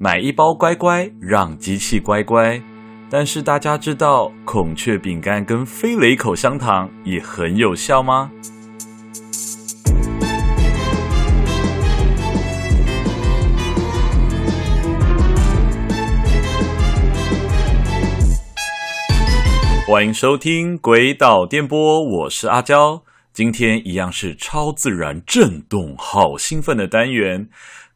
買一包乖乖，讓機器乖乖。但是大家知道孔雀餅乾跟飛壘口香糖也很有效嗎？歡迎收聽《詭島電波》，我是阿交。今天一樣是超自然震動，好興奮的單元。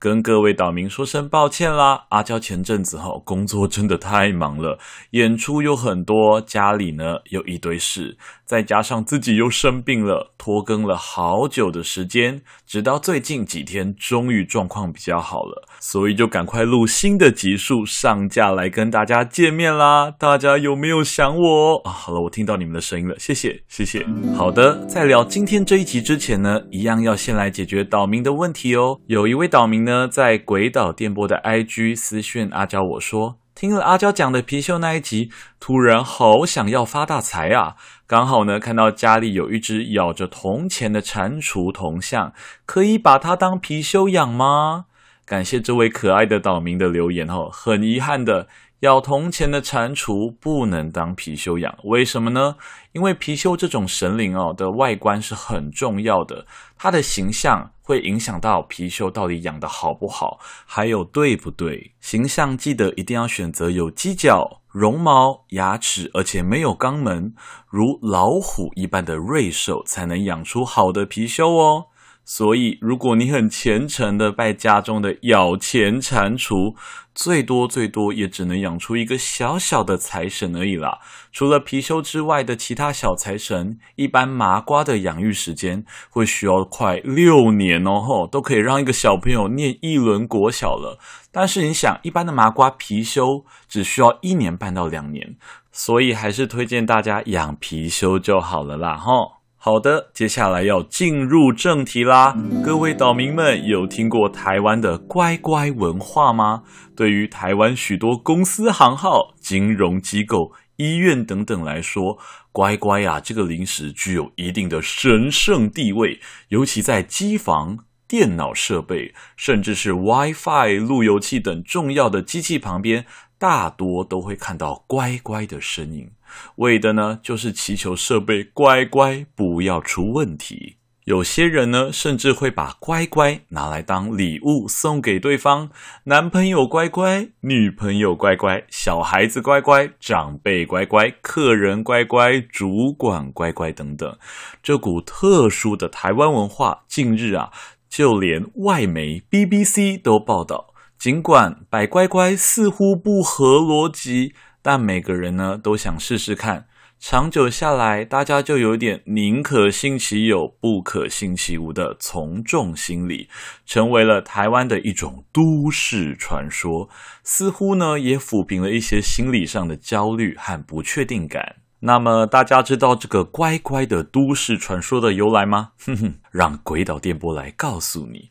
跟各位島民說聲抱歉啦，阿嬌前陣子齁工作真的太忙了，演出有很多，家裡呢有一堆事，再加上自己又生病了，拖更，了好久的時間，直到最近幾天終於狀況比較好了，所以就趕快錄新的集數上架來跟大家見面啦。大家有沒有想我啊？好了，我聽到你們的聲音了，謝謝謝謝。好的，在聊今天這一集之前呢，一樣要先來解決島民的問題哦，有一位島民呢。呢，在詭島電波的 IG 私訊阿交我說，聽了阿交講的貔貅那一集，突然好想要發大財啊！剛好呢，看到家裡有一隻咬着銅錢的蟾蜍銅像，可以把它當貔貅養嗎？感謝這位可愛的島民的留言哦，很遺憾的。咬銅錢的蟾蜍不能當貔貅養，為什麼呢？因為貔貅這種神靈哦的外觀是很重要的，它的形象會影響到貔貅到底養得好不好，還有對不對。形象記得一定要選擇有犄角、絨毛、牙齒，而且沒有肛門，如老虎一般的瑞獸，才能養出好的貔貅哦。所以，如果你很虔誠的拜家中的咬錢蟾蜍，最多最多也只能養出一個小小的財神而已啦。除了貔貅之外的其他小財神，一般麻瓜的養育時間會需要快六年哦，吼，都可以讓一個小朋友念一輪國小了。但是你想，一般的麻瓜貔貅只需要一年半到兩年，所以還是推薦大家養貔貅就好了啦，吼。好的，接下來要進入正題啦。各位島民們，有聽過台灣的乖乖文化嗎？對於台灣許多公司行號、金融機構、醫院等等來說，乖乖呀、啊，這個零食具有一定的神聖地位。尤其在機房、電腦設備，甚至是 Wi-Fi 路由器等重要的機器旁邊，大多都會看到乖乖的身影。為的呢，就是祈求設備乖乖不要出問題。有些人呢，甚至會把乖乖拿來當禮物送給對方：男朋友乖乖，女朋友乖乖，小孩子乖乖，長輩乖乖，客人乖乖，主管乖乖，等等。這股特殊的台灣文化，近日啊，就連外媒 BBC 都報道，儘管擺乖乖似乎不合邏輯。但每個人呢，都想試試看。長久下來，大家就有點寧可信其有，不可信其無的從眾心理，成為了台灣的一種都市傳說。似乎呢，也撫平了一些心理上的焦慮和不確定感。那麼大家知道這個乖乖的都市傳說的由來嗎？哼哼，讓詭島電波來告訴你。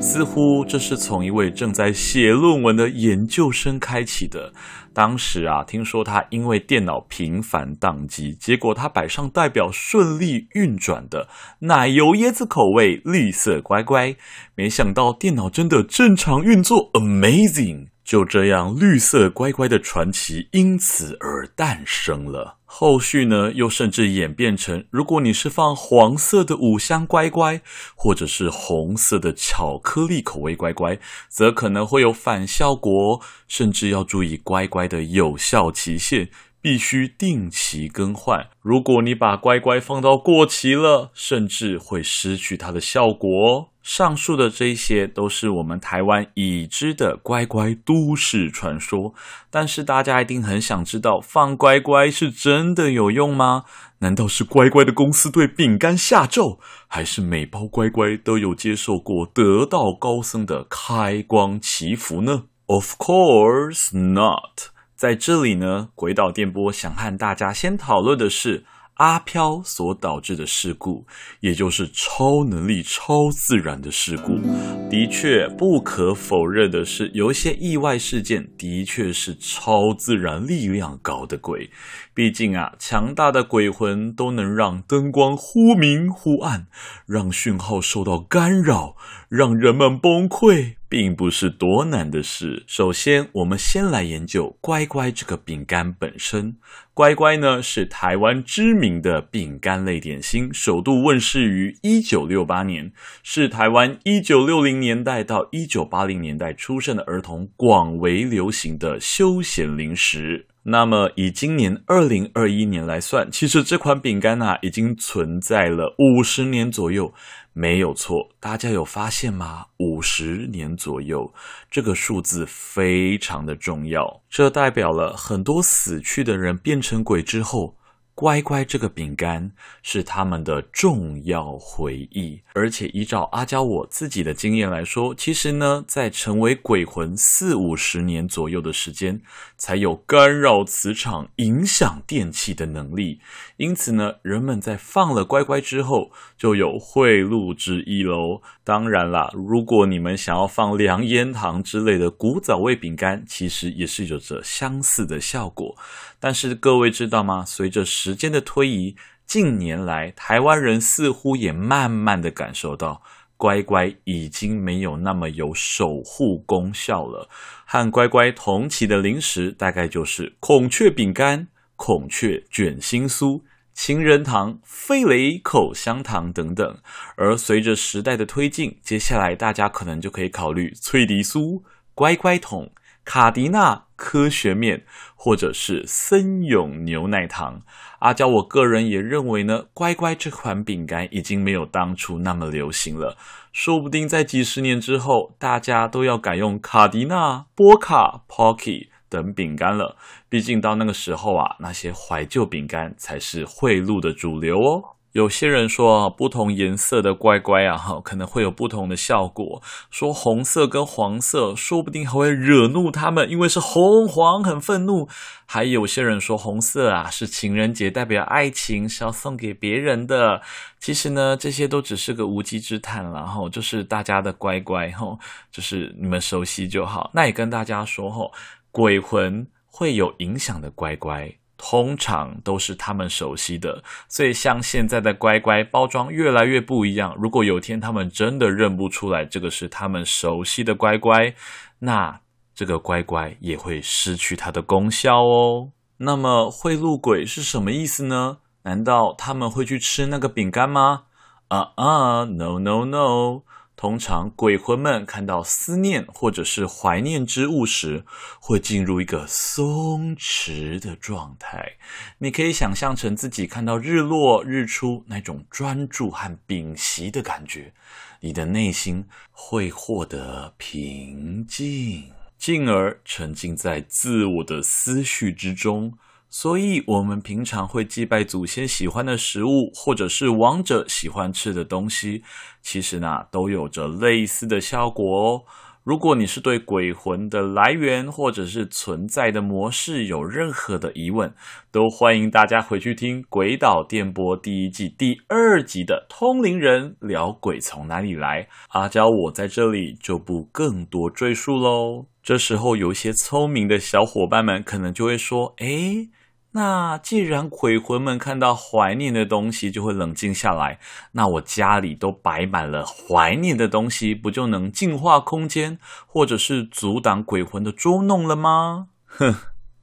似乎這是從一位正在寫論文的研究生開啟的。當時啊，聽說他因為電腦頻繁宕機，結果他擺上代表順利運轉的奶油椰子口味，綠色乖乖，沒想到電腦真的正常運作，Amazing！就這樣，綠色乖乖的傳奇因此而誕生了。後續呢，又甚至演變成，如果你是放黃色的五香乖乖，或者是紅色的巧克力口味乖乖，則可能會有反效果哦，甚至要注意乖乖的有效期限。必須定期更換。如果你把乖乖放到過期了，甚至會失去它的效果。上述的這些，都是我們台灣已知的乖乖都市傳說。但是，大家一定很想知道，放乖乖是真的有用嗎？難道是乖乖的公司對餅乾下咒，還是每包乖乖都有接受過得道高僧的開光祈福呢？Of course not. 在這裡呢，詭島電波想和大家先討論的是阿飄所導致的事故，也就是超能力超自然的事故。的確，不可否認的是，有一些意外事件的確是超自然力量搞的鬼。畢竟啊，強大的鬼魂都能讓燈光忽明忽暗，讓訊號受到干擾，讓人們崩潰。並不是多難的事。首先，我們先來研究乖乖這個餅乾本身。乖乖呢，是台灣知名的餅乾類點心，首度問世於一九六八年，是台灣一九六零年代到一九八零年代出生的兒童廣為流行的休閒零食。那麼以今年二零二一年來算，其實這款餅乾吶、啊、已經存在了五十年左右，沒有錯。大家有發現嗎？五十年左右這個數字非常的重要，這代表了很多死去的人變成鬼之後。乖乖，這個餅乾是他們的重要回憶，而且依照阿交我自己的經驗來說，其實呢，在成為鬼魂四五十年左右的時間，才有干擾磁場、影響電器的能力。因此呢，人們在放了乖乖之後，就有賄賂之意嘍。當然啦，如果你們想要放涼煙糖之類的古早味餅乾，其實也是有着相似的效果。但是各位知道嗎？隨着時間的推移，近年來台灣人似乎也慢慢的感受到，乖乖已經沒有那麼有守護功效了。和乖乖同期的零食，大概就是孔雀餅乾、孔雀卷心酥、情人糖、飛壘口香糖等等。而隨着時代的推進，接下來大家可能就可以考慮脆迪酥、乖乖桶、卡迪娜。科學麵，或者是森永牛奶糖，阿交，我個人也認為呢，乖乖這款餅乾已經沒有當初那麼流行了，說不定在幾十年之後，大家都要改用卡迪娜、波卡、Pocky 等餅乾了。畢竟到那個時候啊，那些懷舊餅乾才是賄賂的主流哦。有些人說，不同顏色的乖乖啊，吼，可能會有不同的效果。說紅色跟黃色，說不定還會惹怒他們，因為是紅黃，很憤怒。還有些人說，紅色啊，是情人節代表愛情，是要送給別人的。其實呢，這些都只是個無稽之談。然後就是大家的乖乖，吼，就是你們熟悉就好。那也跟大家說，吼，鬼魂會有影響的乖乖，通常都是他們熟悉的，所以像現在的乖乖包裝越來越不一樣。如果有一天他們真的認不出來這個是他們熟悉的乖乖，那這個乖乖也會失去它的功效哦。那麼賄賂鬼是什麼意思呢？難道他們會去吃那個餅乾嗎？啊、uh、啊、uh，no no no！通常，鬼魂們看到思念或者是懷念之物時，會進入一個鬆弛的狀態。你可以想象成自己看到日落日出那種專注和屏息的感覺，你的內心會獲得平靜，進而沉浸在自我的思緒之中。所以，我們平常會祭拜祖先喜歡的食物，或者是亡者喜歡吃的東西，其實呢，都有着類似的效果哦。如果你是對鬼魂的來源或者是存在的模式有任何的疑問，都歡迎大家回去聽《詭島電波》第一季第二集的通靈人聊鬼從哪裡來。阿交，我在這裡就不更多贅述嘍。這時候，有些聰明的小夥伴們可能就會說：“哎。”那既然鬼魂們看到懷念的東西就會冷靜下來，那我家裡都擺滿了懷念的東西，不就能淨化空間，或者是阻擋鬼魂的捉弄了嗎？哼，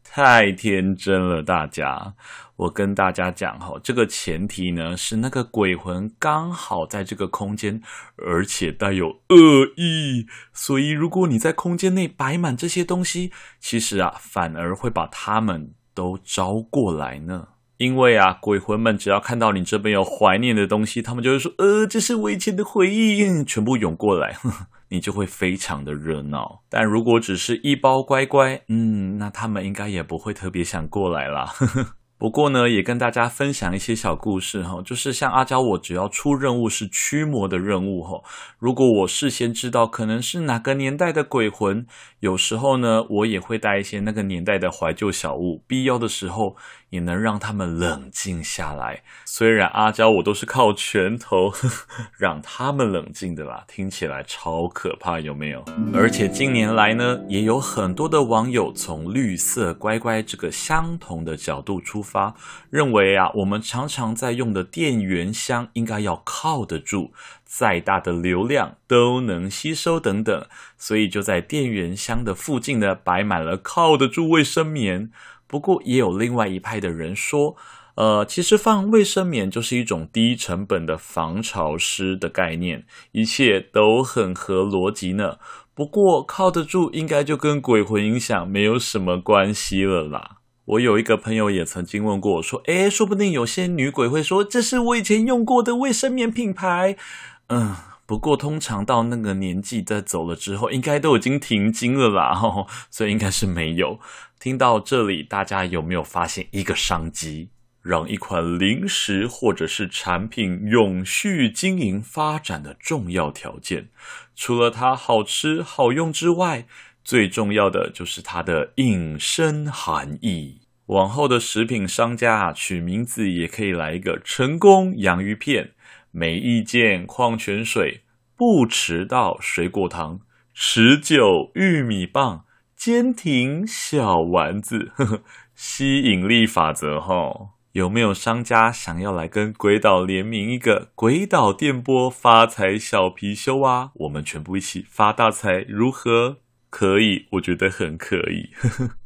太天真了，大家。我跟大家講哈、哦，這個前提呢是那個鬼魂剛好在這個空間，而且帶有惡意。所以如果你在空間內擺滿這些東西，其實啊，反而會把他們。都招過來呢，因為啊，鬼魂們只要看到你這邊有懷念的東西，他們就會說，呃，這是我以前的回憶，全部湧過來，呵呵，你就會非常的熱鬧。但如果只是一包乖乖，嗯，那他們應該也不會特別想過來啦。呵呵不過呢，也跟大家分享一些小故事哈、哦，就是像阿交，我只要出任務是驅魔的任務哈、哦，如果我事先知道可能是哪個年代的鬼魂，有時候呢，我也會帶一些那個年代的懷舊小物，必要的時候。也能讓他們冷靜下來。雖然阿交，我都是靠拳頭呵呵讓他們冷靜的啦，聽起來超可怕，有沒有？而且近年來呢，也有很多的網友從綠色乖乖這個相同的角度出發，認為啊，我們常常在用的電源箱應該要靠得住，再大的流量都能吸收等等，所以就在電源箱的附近呢，擺滿了靠得住衛生棉。不過也有另外一派的人說，呃，其實放衛生棉就是一種低成本的防潮濕的概念，一切都很合邏輯呢。不過靠得住，應該就跟鬼魂影響沒有什麼關係了啦。我有一個朋友也曾經問過我說，誒，說不定有些女鬼會說，這是我以前用過的衛生棉品牌，嗯。不過，通常到那個年紀，在走了之後，應該都已經停經了啦，吼，所以應該是沒有。聽到這裡，大家有沒有發現一個商機？讓一款零食或者是產品永續經營發展的重要條件，除了它好吃好用之外，最重要的就是它的引申含義。往後的食品商家啊，取名字也可以來一個“成功洋芋片”。沒意見，礦泉水，不遲到水果糖，持久玉米棒，堅挺小丸子，呵呵，吸引力法則吼。哦，有沒有商家想要來跟鬼島聯名一個鬼島電波發財小貔貅啊？我們全部一起發大財如何？可以，我覺得很可以。呵呵。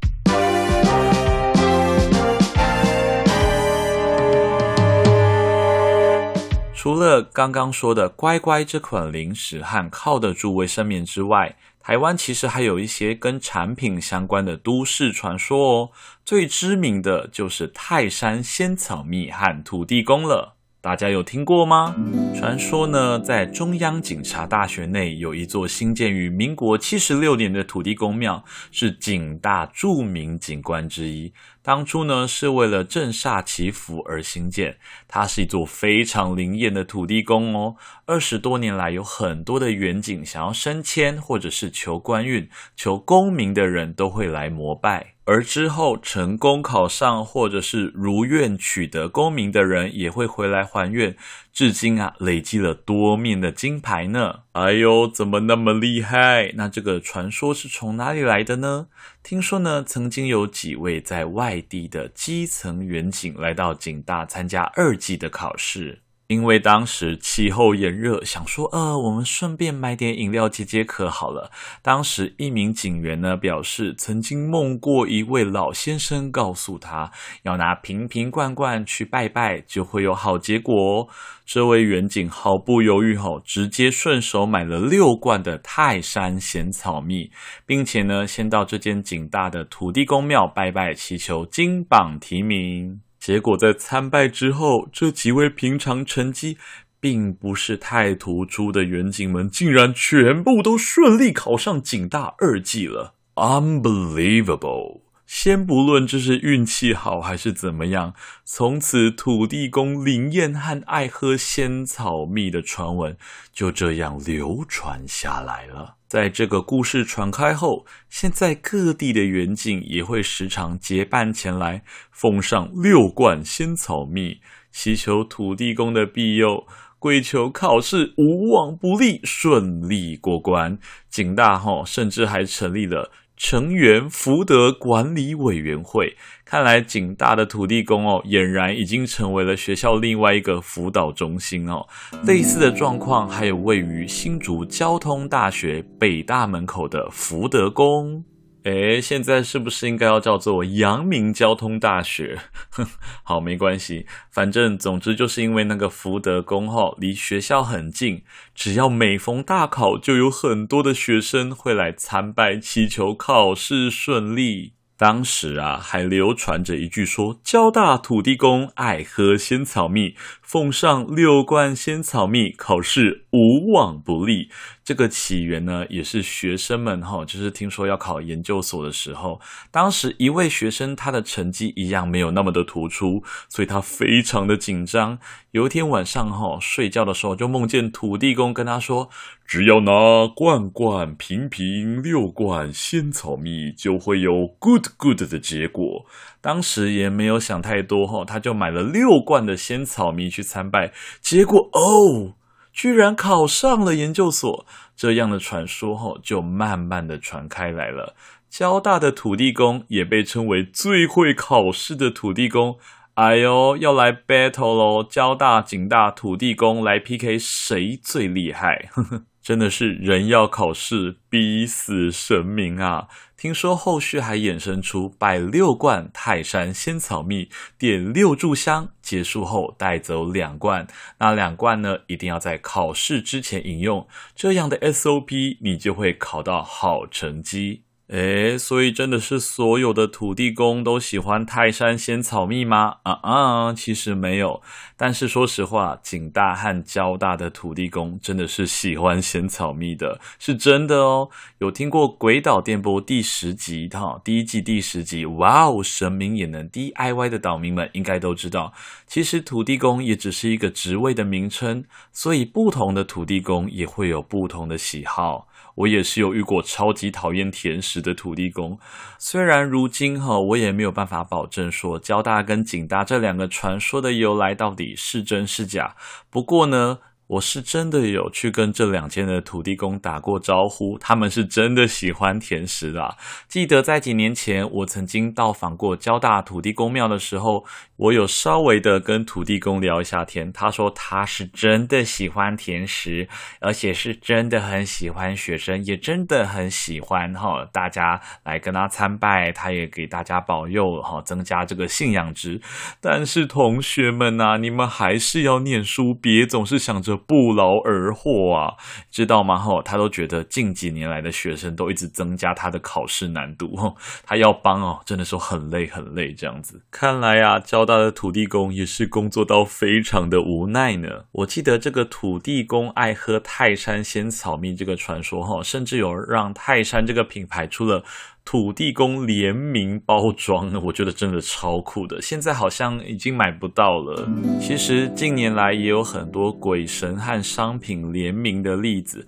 除了剛剛說的乖乖這款零食和靠得住衛生棉之外，台灣其實還有一些跟產品相關的都市傳說哦。最知名的就是泰山仙草蜜和土地公了，大家有聽過嗎？傳說呢，在中央警察大學內有一座興建於民國七十六年的土地公廟，是警大著名景觀之一。當初呢，是為了鎮煞祈福而興建，它是一座非常靈驗的土地公哦。二十多年來，有很多的遠景想要升遷或者是求官運、求功名的人，都會來膜拜。而之後成功考上或者是如願取得功名的人，也會回來還願。至今啊，累積了多面的金牌呢。哎呦，怎麼那麼厲害？那這個傳說是從哪裡來的呢？聽說呢，曾經有幾位在外地的基層員警來到警大參加二技的考試。因為當時氣候炎熱，想說，呃，我們順便買點飲料解解渴好了。當時一名警員呢表示，曾經夢過一位老先生告訴他，要拿瓶瓶罐罐去拜拜，就會有好結果哦。這位員警毫不猶豫後哦，直接順手買了六罐的泰山仙草蜜，並且呢，先到這間警大的土地公廟拜拜，祈求金榜題名。結果在參拜之後，這幾位平常成績並不是太突出的員警們，竟然全部都順利考上警大二技了，unbelievable。先不論這是運氣好還是怎麼樣，從此土地公靈驗和愛喝仙草蜜的傳聞就這樣流傳下來了。在這個故事傳開後，現在各地的員警也會時常結伴前來，奉上六罐仙草蜜，祈求土地公的庇佑，跪求考試無往不利，順利過關。警大吼甚至還成立了。成員福德管理委員會，看來景大的土地公哦，儼然已經成為了學校另外一個輔導中心哦。類似的狀況還有位於新竹交通大學北大門口的福德宮。哎，現在是不是應該要叫做陽明交通大學？呵呵，好，沒關係，反正總之就是因為那個福德宮後離學校很近，只要每逢大考，就有很多的學生會來參拜祈求考試順利。當時啊，還流傳着一句說，交大土地公愛喝仙草蜜。奉上六罐仙草蜜，考試無往不利。這個起源呢，也是學生們哈，就是聽說要考研究所的時候，當時一位學生他的成績一樣沒有那麼的突出，所以他非常的緊張。有一天晚上哈，睡覺的時候就夢見土地公跟他說，只要拿罐罐瓶瓶瓶六罐仙草蜜，就會有 good good 的結果。當時也沒有想太多哈，他就買了六罐的仙草蜜去參拜，結果哦，居然考上了研究所。這樣的傳說哈，就慢慢的傳開來了。交大的土地公也被稱為最會考試的土地公。哎呦，要來 battle 咯！交大、警大土地公來 PK，誰最厲害？呵呵真的是人要考試逼死神明啊！聽說後續還衍生出擺六罐泰山仙草蜜，點六炷香，結束後帶走兩罐。那兩罐呢，一定要在考試之前飲用。這樣的 SOP，你就會考到好成績。誒，所以真的是所有的土地公都喜歡泰山仙草蜜嗎？啊、uh、啊，uh, 其實沒有。但是說實話，景大和交大的土地公真的是喜歡仙草蜜的，是真的哦。有聽過《鬼島電波》第十集，哈，第一季第十集，哇哦，神明也能 DIY 的島民們應該都知道，其實土地公也只是一個職位的名稱，所以不同的土地公也會有不同的喜好。我也是有遇過超級討厭甜食。的土地公，雖然如今哈、哦、我也沒有辦法保證說，交大跟井大這兩個傳說的由來到底是真是假，不過呢，我是真的有去跟這兩間的土地公打過招呼，他們是真的喜歡甜食的、啊。記得在幾年前，我曾經到訪過交大土地公廟的時候，我有稍微的跟土地公聊一下天。他說他是真的喜歡甜食，而且是真的很喜歡學生，也真的很喜歡哈、哦、大家來跟他參拜，他也給大家保佑哈、哦，增加這個信仰值。但是同學們吶、啊，你們還是要念書，別總是想着。不勞而獲啊，知道嗎？哈、哦，他都覺得近幾年來的學生都一直增加他的考試難度，哦、他要幫哦，真的是很累很累這樣子。看來啊，交大的土地公也是工作到非常的無奈呢。我記得這個土地公愛喝泰山仙草蜜這個傳說哈、哦，甚至有讓泰山這個品牌出了。土地公聯名包裝呢，我覺得真的超酷的。現在好像已經買不到了。其實近年來也有很多鬼神和商品聯名的例子，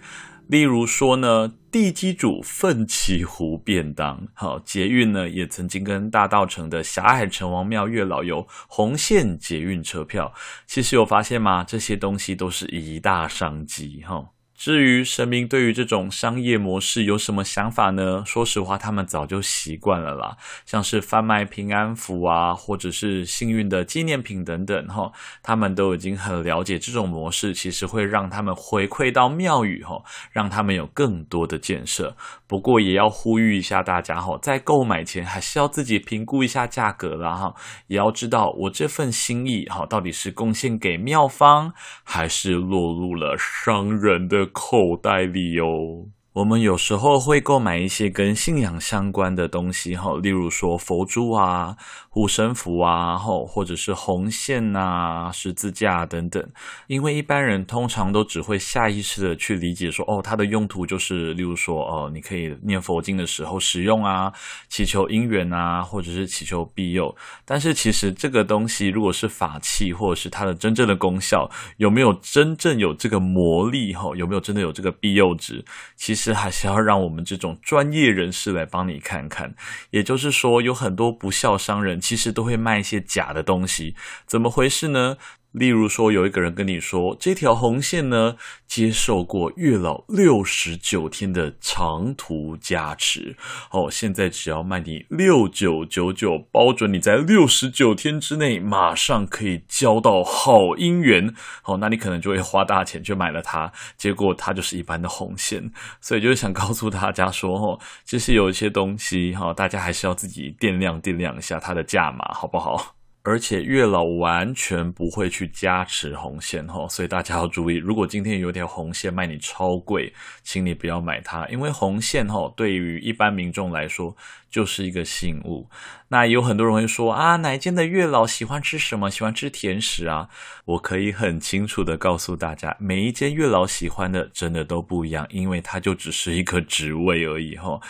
例如說呢，地基主奮起湖便當，好，捷運呢也曾經跟大稻埕的霞海城隍廟、月老游紅線捷運車票。其實有發現嗎？這些東西都是一大商機哈。至於神明對於這種商業模式有什麼想法呢？說實話，他們早就習慣了啦。像是販賣平安符啊，或者是幸運的紀念品等等，哈、哦，他們都已經很了解這種模式，其實會讓他們回饋到廟宇，哈、哦，讓他們有更多的建設。不過也要呼籲一下大家，哈、哦，在購買前還是要自己評估一下價格啦，哈、哦，也要知道我這份心意，哈、哦，到底是貢獻給廟方，還是落入了商人的口袋裡哦。我們有時候會購買一些跟信仰相關的東西，哈，例如說佛珠啊、護身符啊，哈，或者是紅線吶、啊、十字架、啊、等等。因為一般人通常都只會下意識的去理解說，哦，它的用途就是，例如說，哦、呃，你可以念佛經的時候使用啊，祈求姻緣啊，或者是祈求庇佑。但是其實這個東西如果是法器，或者是它的真正的功效有沒有真正有這個魔力，哈、哦，有沒有真的有這個庇佑值？其實。這還是要讓我們這種專業人士來幫你看看。也就是說，有很多不肖商人其實都會賣一些假的東西，怎麼回事呢？例如說，有一個人跟你說，這條紅線呢，接受過月老六十九天的長途加持，哦，現在只要賣你六九九九，包準你在六十九天之內馬上可以交到好姻緣，好、哦，那你可能就會花大錢去買了它，結果它就是一般的紅線，所以就是想告訴大家說，哦，其實有一些東西，哈、哦，大家還是要自己掂量掂量一下它的價碼，好不好？而且月老完全不會去加持紅線哈，所以大家要注意，如果今天有一條紅線賣你超貴，請你不要買它，因為紅線哈對於一般民眾來說就是一個信物。那有很多人會說啊，哪一間的月老喜歡吃什麼？喜歡吃甜食啊？我可以很清楚地告訴大家，每一間月老喜歡的真的都不一樣，因為它就只是一個職位而已哈。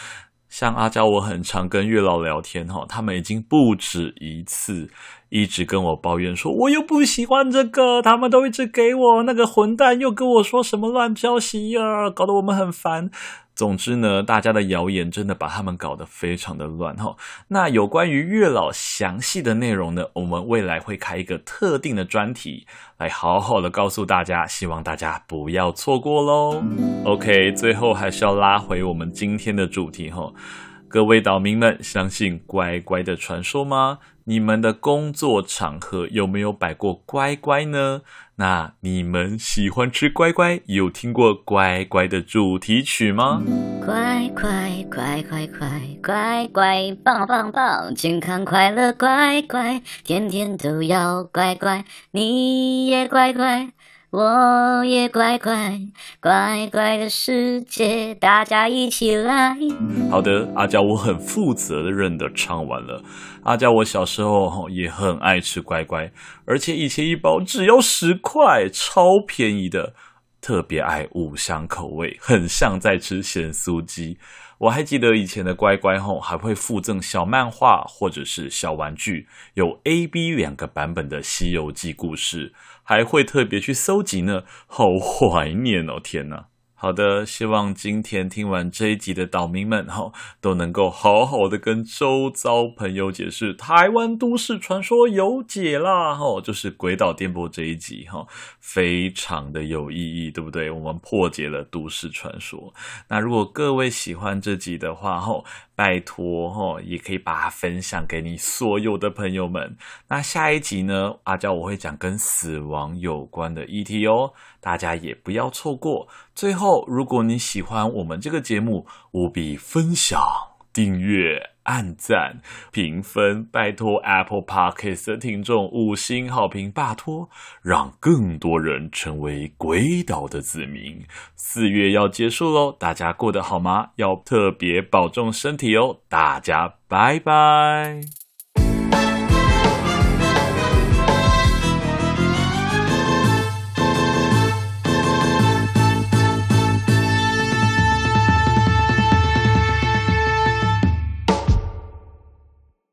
像阿交，我很常跟月老聊天哈，他們已經不止一次，一直跟我抱怨說，我又不喜歡這個，他們都一直給我那個混蛋，又跟我說什麼亂飄洗呀，搞得我們很煩。總之呢，大家的謠言真的把他們搞得非常的亂齁。那有關於月老詳細的內容呢，我們未來會開一個特定的專題，來好好的告訴大家，希望大家不要錯過嘍。OK，最後還是要拉回我們今天的主題齁。各位島民們，相信乖乖的傳說嗎？你們的工作場合有沒有擺過乖乖呢？那你們喜歡吃乖乖？有聽過乖乖的主題曲嗎？乖乖，乖乖，乖乖，乖，乖乖，棒棒棒棒，健康快樂，乖乖，天天都要乖乖，你也乖乖。我也乖乖乖乖的世界，大家一起來。嗯、好的，阿交，我很負責任的認得唱完了。阿交，我小時候也很愛吃乖乖，而且以前一包只要十塊，超便宜的。特別愛五香口味，很像在吃鹹酥雞。我還記得以前的乖乖哄，還會附贈小漫畫或者是小玩具，有 A、B 兩個版本的《西遊記》故事，還會特別去蒐集呢，好懷念哦！天哪。好的，希望今天聽完這一集的島民們齁，都能夠好好的跟周遭朋友解釋台灣都市傳說有解啦齁，就是鬼島電波這一集齁，非常的有意義，對不對？我們破解了都市傳說。那如果各位喜歡這集的話，齁，拜託齁，也可以把它分享給你所有的朋友們。那下一集呢，阿交我會講跟死亡有關的議題哦，大家也不要錯過。最後，如果你喜歡我們這個節目，務必分享。訂閱、按讚、評分、拜托 Apple Podcast 的聽眾五星好評，拜托，讓更多人成為鬼島的子民。四月要結束嘍，大家過得好嗎？要特別保重身體哦，大家拜拜。